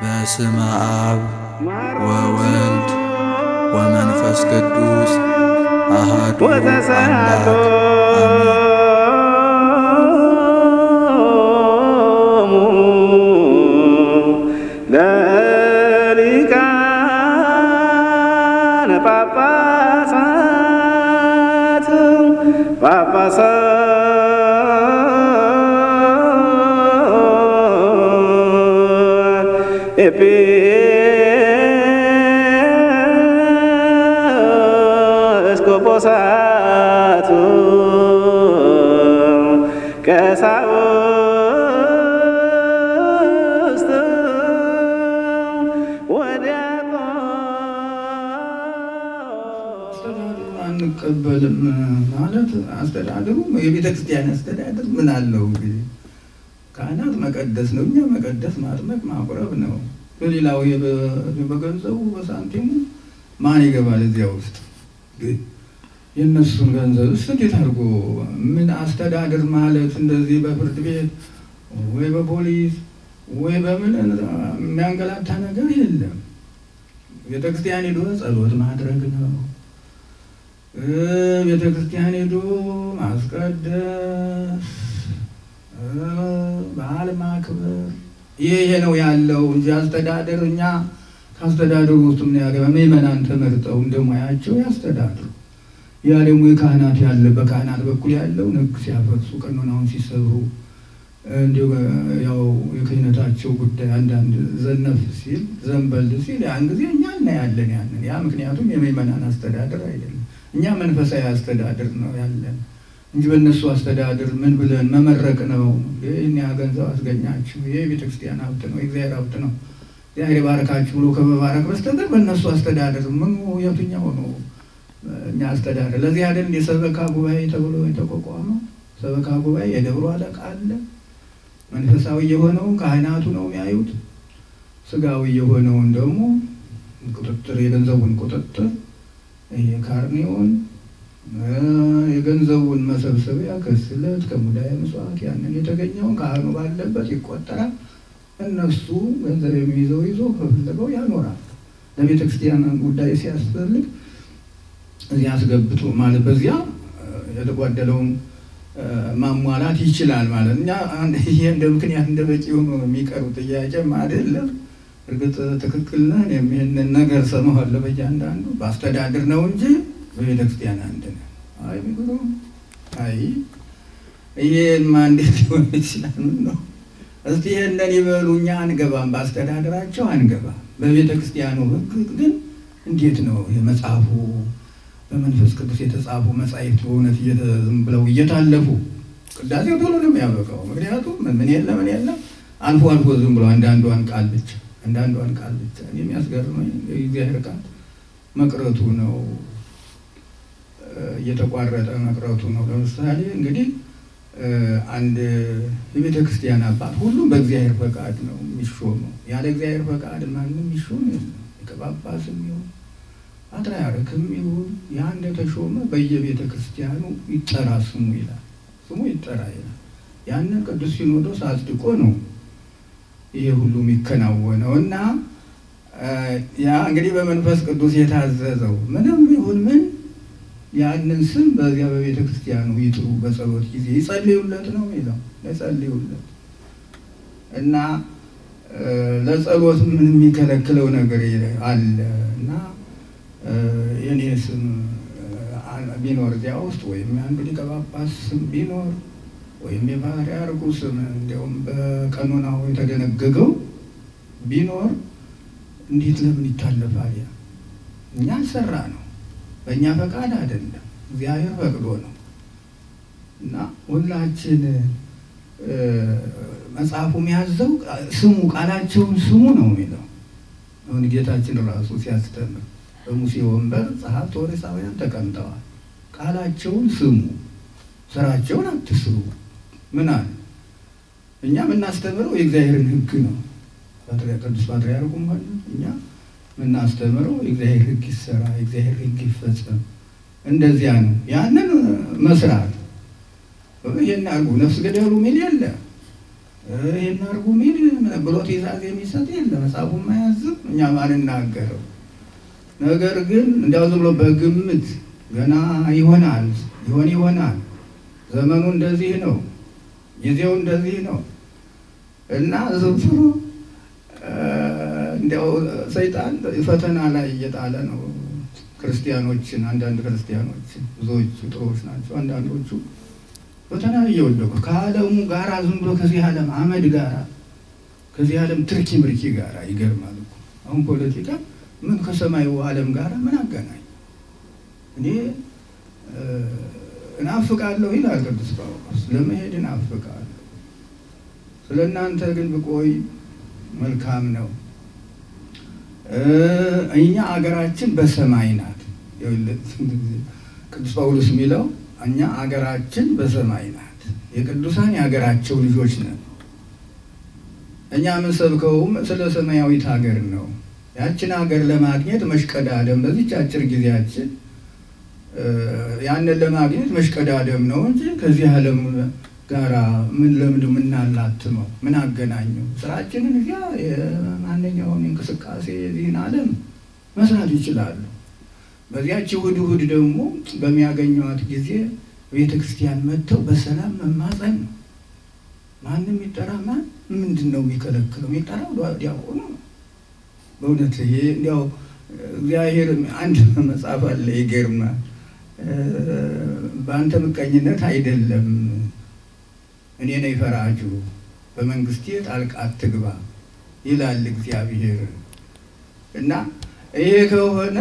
Bersama Abu wa Walid, wa Manfas Kudus, Ahaqul Anak. Dari Papa ቀሳውስት አንቀበልም ማለት አስተዳደሩ የቤተ ክርስቲያን አስተዳደር ምን አለው እንግዲህ ካህናት መቀደስ ነው። እኛ መቀደስ ማጥመቅ ማቁረብ ነው። በሌላው በገንዘቡ በሳንቲሙ ማን ይገባል እዚያ ውስጥ? የእነሱን ገንዘብ እሱ እንዴት አድርጎ ምን አስተዳደር ማለት እንደዚህ በፍርድ ቤት ወይ በፖሊስ ወይ በምን የሚያንገላታ ነገር የለም። ቤተክርስቲያን ሄዶ ጸሎት ማድረግ ነው። ቤተክርስቲያን ሄዶ ማስቀደስ፣ በዓል ማክበር ይሄ ነው ያለው እንጂ አስተዳደር እኛ ከአስተዳደሩ ውስጥ ምን ያገባ ምዕመናን ተመርጠው እንደሙያቸው ያስተዳድሩ። ያ ደግሞ የካህናት ያለ በካህናት በኩል ያለው ንግ ሲያፈርሱ ቀኖናውን ሲሰብሩ እንዲሁ ያው የክህነታቸው ጉዳይ አንዳንድ ዘነፍ ሲል ዘንበል ሲል ያን ጊዜ እኛ እናያለን ያንን። ያ ምክንያቱም የምእመናን አስተዳደር አይደለም። እኛ መንፈሳዊ አስተዳደር ነው ያለን እንጂ በእነሱ አስተዳደር ምን ብለን መመረቅ ነው። ይህን ያ ገንዘብ አስገኛችሁ፣ ይህ የቤተክርስቲያን ሀብት ነው፣ የእግዚአብሔር ሀብት ነው፣ እግዚአብሔር ባረካችሁ ብሎ ከመባረክ በስተቀር በእነሱ አስተዳደር ምን የቱኛው ነው እኛ ለዚህ አይደል የሰበካ ጉባኤ ተብሎ የተቋቋመው። ሰበካ ጉባኤ የደብሩ አለቃ አለ። መንፈሳዊ የሆነውን ካህናቱ ነው የሚያዩት። ስጋዊ የሆነውን ደግሞ ቁጥጥር፣ የገንዘቡን ቁጥጥር፣ የካርኔውን የገንዘቡን መሰብሰቢያ ከስለት ከሙዳየ ምጽዋት ያንን የተገኘውን ካህኑ ባለበት ይቆጠራል። እነሱ ገንዘብ የሚይዘው ይዞ ከፈለገው ያኖራል። ለቤተክርስቲያን ጉዳይ ሲያስፈልግ እዚያ አስገብቶ ማለት በዚያ የተጓደለውን ማሟላት ይችላል ማለት እኛ ይሄ እንደ ምክንያት እንደ በቂ ሆኖ የሚቀሩ ጥያቄም አይደለም። እርግጥ ትክክል ነን። ይህንን ነገር ሰማኋል በእያንዳንዱ በአስተዳድር ነው እንጂ በቤተክርስቲያን አንድ ነን። አይ ቢግሩም አይ ይሄማ እንዴት ሊሆን ይችላል? ምን ነው እስቲ ይህንን ይበሉ። እኛ አንገባም፣ በአስተዳደራቸው አንገባም። በቤተክርስቲያኑ ህግ ግን እንዴት ነው የመጽሐፉ በመንፈስ ቅዱስ የተጻፉ መጻሕፍት በእውነት ዝም ብለው እየታለፉ ቅዳሴው ቶሎ ነው የሚያበቃው። ምክንያቱም ምን የለ ምን የለ አልፎ አልፎ ዝም ብለው አንዳንዷን ቃል ብቻ አንዳንዷን ቃል ብቻ እኔ የሚያስገርመኝ የእግዚአብሔር ቃል መቅረቱ ነው እየተቋረጠ መቅረቱ ነው። ለምሳሌ እንግዲህ አንድ የቤተ ክርስቲያን አባት ሁሉም በእግዚአብሔር ፈቃድ ነው የሚሾመው። ያለ እግዚአብሔር ፈቃድ ማንም ይሾም የለም። ጳጳስም ይሁን ፓትርያርክም ይሁን ያ እንደተሾመ በየቤተ ክርስቲያኑ ይጠራ ስሙ ይላል። ስሙ ይጠራ ይላል። ያንን ቅዱስ ሲኖዶስ አጽድቆ ነው ይሄ ሁሉ የሚከናወነው እና ያ እንግዲህ በመንፈስ ቅዱስ የታዘዘው ምንም ይሁን ምን ያንን ስም በዚያ በቤተ ክርስቲያኑ ይጥሩ። በጸሎት ጊዜ ይጸልዩለት ነው የሚለው ይጸልዩለት እና ለጸሎት ምን የሚከለክለው ነገር አለ እና የኔ ስም ቢኖር እዚያ ውስጥ ወይም የአንዱ ሊቀ ጳጳስ ስም ቢኖር ወይም የፓትርያርኩ ስም እንዲያውም በቀኖናው የተደነገገው ቢኖር እንዴት ለምን ይታለፋል? ያ እኛ ሰራ ነው፣ በእኛ ፈቃድ አይደለም፣ እግዚአብሔር ፈቅዶ ነው። እና ሁላችን መጽሐፉ የሚያዘው ስሙ ቃላቸውን ስሙ ነው የሚለው። አሁን ጌታችን ራሱ ሲያስተምር በሙሴ ወንበር ጸሐፍት ወሪሳውያን ተቀምጠዋል። ቃላቸውን ስሙ፣ ስራቸውን አትስሩ። ምን አለ? እኛ የምናስተምረው የእግዚአብሔርን ሕግ ነው። ቅዱስ ፓትርያርኩም ሆነ እኛ የምናስተምረው የእግዚአብሔር ሕግ ይሰራ፣ የእግዚአብሔር ሕግ ይፈጸም፣ እንደዚያ ነው። ያንን መስራት ይህን አርጉ ነፍስ ገደሉ ሚል የለ ይህን አርጉ ሚል ብሎ ትእዛዝ የሚሰጥ የለ። መጽሐፉ የማያዝብ እኛ ማን እናገረው? ነገር ግን እንዲያው ዝም ብሎ በግምት ገና ይሆናል ይሆን ይሆናል፣ ዘመኑ እንደዚህ ነው፣ ጊዜው እንደዚህ ነው እና ዝንፍሩ እንዲያው ሰይጣን ፈተና ላይ እየጣለ ነው ክርስቲያኖችን። አንዳንድ ክርስቲያኖችን፣ ብዙዎቹ ጥሩዎች ናቸው፣ አንዳንዶቹ ፈተና እየወደቁ ከዓለሙ ጋራ ዝም ብሎ ከዚህ ዓለም አመድ ጋራ ከዚህ ዓለም ትርኪ ምርኪ ጋራ ይገርማል አሁን ፖለቲካ ምን ከሰማዩ ዓለም ጋር ምን አገናኝ? እኔ እናፍቃለሁ ይላል ቅዱስ ጳውሎስ፣ ለመሄድ እናፍቃለሁ። ስለ እናንተ ግን ብቆይ መልካም ነው። እኛ አገራችን በሰማይ ናት። ቅዱስ ጳውሎስ የሚለው እኛ አገራችን በሰማይ ናት፣ የቅዱሳን የአገራቸው ልጆች ነን። እኛ የምንሰብከውም ስለ ሰማያዊት ሀገር ነው። ያችን ሀገር ለማግኘት መሽቀዳደም በዚች አጭር ጊዜያችን ያንን ለማግኘት መሽቀዳደም ነው እንጂ ከዚህ ዓለም ጋራ ምን ለምድ የምናላትመው ምን አገናኘው? ስራችንን እዚያ የማንኛውን እንቅስቃሴ የዚህን ዓለም መስራት ይችላሉ። በዚያች እሑድ እሑድ ደግሞ በሚያገኘዋት ጊዜ ቤተ ክርስቲያን መጥተው በሰላም መማፀን ነው። ማንም ይጠራ ማን ምንድን ነው የሚከለክለው? የሚጠራው ዲያቆኑ በእውነት ይሄ እንዲያው እግዚአብሔር አንድ መጽሐፍ አለ ይገርማል። በአንተ ምቀኝነት አይደለም እኔ ነኝ ፈራጁ፣ በመንግስቴ ጣልቃ አትግባ ይላል እግዚአብሔር። እና ይሄ ከሆነ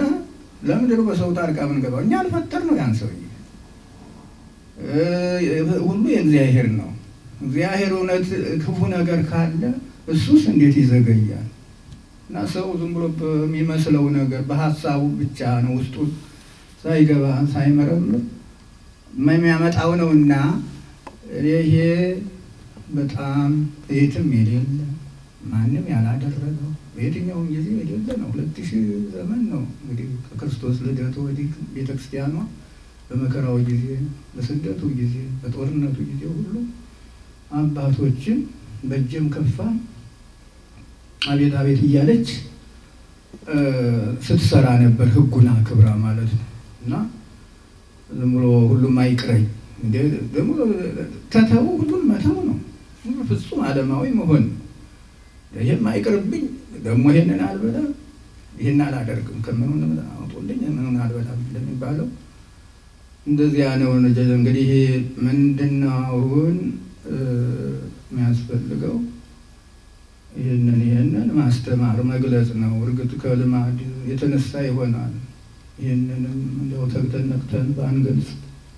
ለምንድን በሰው ጣልቃ ምንገባው እኛ አልፈጠር ነው ያን ሰው ሁሉ የእግዚአብሔር ነው። እግዚአብሔር እውነት ክፉ ነገር ካለ እሱስ እንዴት ይዘገያል? እና ሰው ዝም ብሎ በሚመስለው ነገር በሀሳቡ ብቻ ነው ውስጡ ሳይገባ ሳይመረምር የሚያመጣው ነው እና ይሄ በጣም የትም የሌለ ማንም ያላደረገው በየትኛውም ጊዜ የሌለ ነው። ሁለት ሺህ ዘመን ነው እንግዲህ ከክርስቶስ ልደቱ ወዲህ ቤተክርስቲያኗ በመከራው ጊዜ፣ በስደቱ ጊዜ፣ በጦርነቱ ጊዜ ሁሉ አባቶችን በእጅም ከፋም አቤት አቤት እያለች ስትሰራ ነበር፣ ህጉን አክብራ ማለት ነው። እና ዝም ብሎ ሁሉም አይቅረኝ ደግሞ ከተው ሁሉን መተው ነው፣ ሙሉ ፍጹም አለማዊ መሆን ነው። ይህም አይቅርብኝ ደግሞ ይህንን አልበላም ይህን አላደርግም ከምኑን አውጡልኝ ምኑን አልበላም እንደሚባለው እንደዚያ ነው። እንግዲህ ምንድናውን የሚያስፈልገው? ይህንን ይህንን ማስተማር መግለጽ ነው። እርግጥ ከልማድ የተነሳ ይሆናል። ይህንንም እንደው ተግተን ነቅተን ባንገልጽ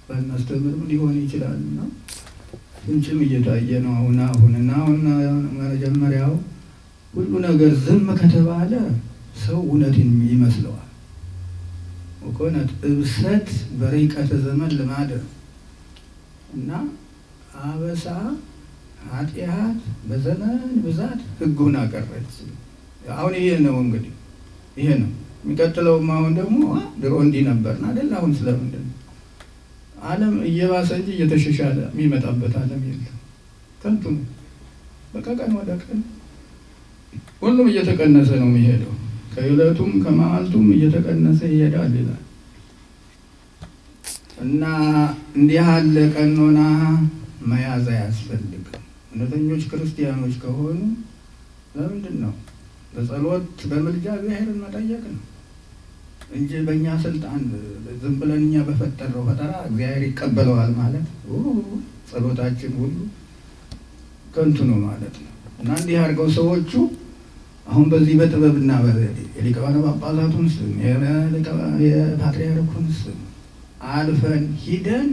ባናስተምርም ሊሆን ይችላል እና ፍንጭም እየታየ ነው አሁን አሁን እና አሁን መጀመሪያው ሁሉ ነገር ዝም ከተባለ ሰው እውነትን ይመስለዋል። እውነት እብሰት በርሕቀተ ዘመን ልማድ እና አበሳ ኃጢአት በዘመን ብዛት ህጉን አቀረች። አሁን ይሄ ነው እንግዲህ ይሄ ነው የሚቀጥለውም። አሁን ደግሞ ድሮ እንዲህ ነበርን አደል? አሁን ስለምንድን ነው ዓለም እየባሰ እንጂ እየተሻሻለ የሚመጣበት ዓለም የለም። ከንቱ ነው። በቃ ቀን ወደ ቀን ሁሉም እየተቀነሰ ነው የሚሄደው። ከዕለቱም ከመዓልቱም እየተቀነሰ ይሄዳል ይላል እና እንዲህ ያለ ቀኖና መያዝ አያስፈልግም። እውነተኞች ክርስቲያኖች ከሆኑ ለምንድን ነው በጸሎት በምልጃ እግዚአብሔርን መጠየቅ ነው እንጂ በእኛ ስልጣን ዝም ብለን እኛ በፈጠረው ፈጠራ እግዚአብሔር ይቀበለዋል ማለት ጸሎታችን ሁሉ ከንቱ ነው ማለት ነው። እና እንዲህ አድርገው ሰዎቹ አሁን በዚህ በጥበብና በዘዴ የሊቀባነ ጳጳሳቱን ስም የፓትሪያርኩን ስም አልፈን ሂደን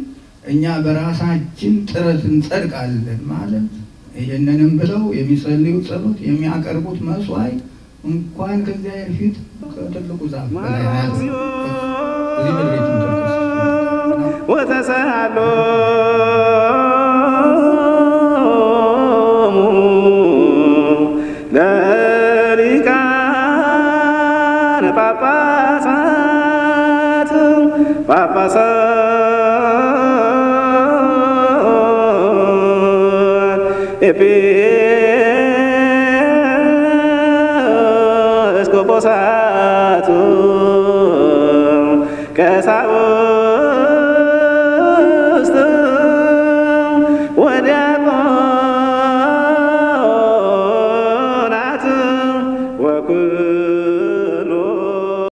እኛ በራሳችን ጥረት እንጸድቃለን ማለት ይህንንም ብለው የሚጸልዩ ጸሎት የሚያቀርቡት መስዋዕት እንኳን ከእግዚአብሔር ፊት ከትልቁ ዛፍ ለሊቃነ ጳጳሳት ጳጳሳት पेपे यसको बसा